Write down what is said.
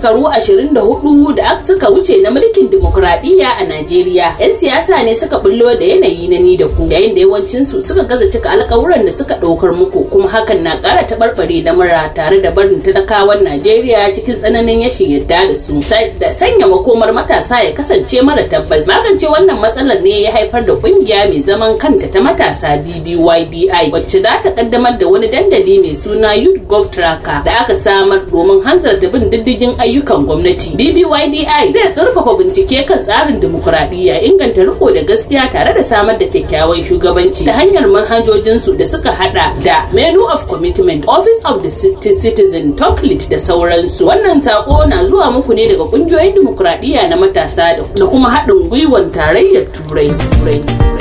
shekaru 24 da suka wuce na mulkin dimokuraɗiyya a Najeriya. 'Yan siyasa ne suka bullo da yanayi na ni da ku yayin da yawancinsu suka gaza cika alkawuran da suka ɗaukar muku kuma hakan na ƙara taɓarɓare da mura tare da barin talakawan Najeriya cikin tsananin yashin yadda da su. Da sanya makomar matasa ya kasance mara tabbas. Magance wannan matsalar ne ya haifar da ƙungiya mai zaman kanta ta matasa BBYDI wacce za ta ƙaddamar da wani dandali mai suna Youth Gov Tracker da aka samar domin hanzarta bin diddigin ayyuka ayyukan gwamnati BBYDI zai zurfafa bincike kan tsarin dimokuraɗiyya inganta riko da gaskiya tare da samar da kyakkyawan shugabanci ta hanyar manhajojinsu da suka hada da menu of commitment office of the citizen Toklit da sauransu wannan sako na zuwa muku ne daga kungiyoyin dimokuraɗiyya na matasa da kuma haɗin gwiwan tarayyar turai turai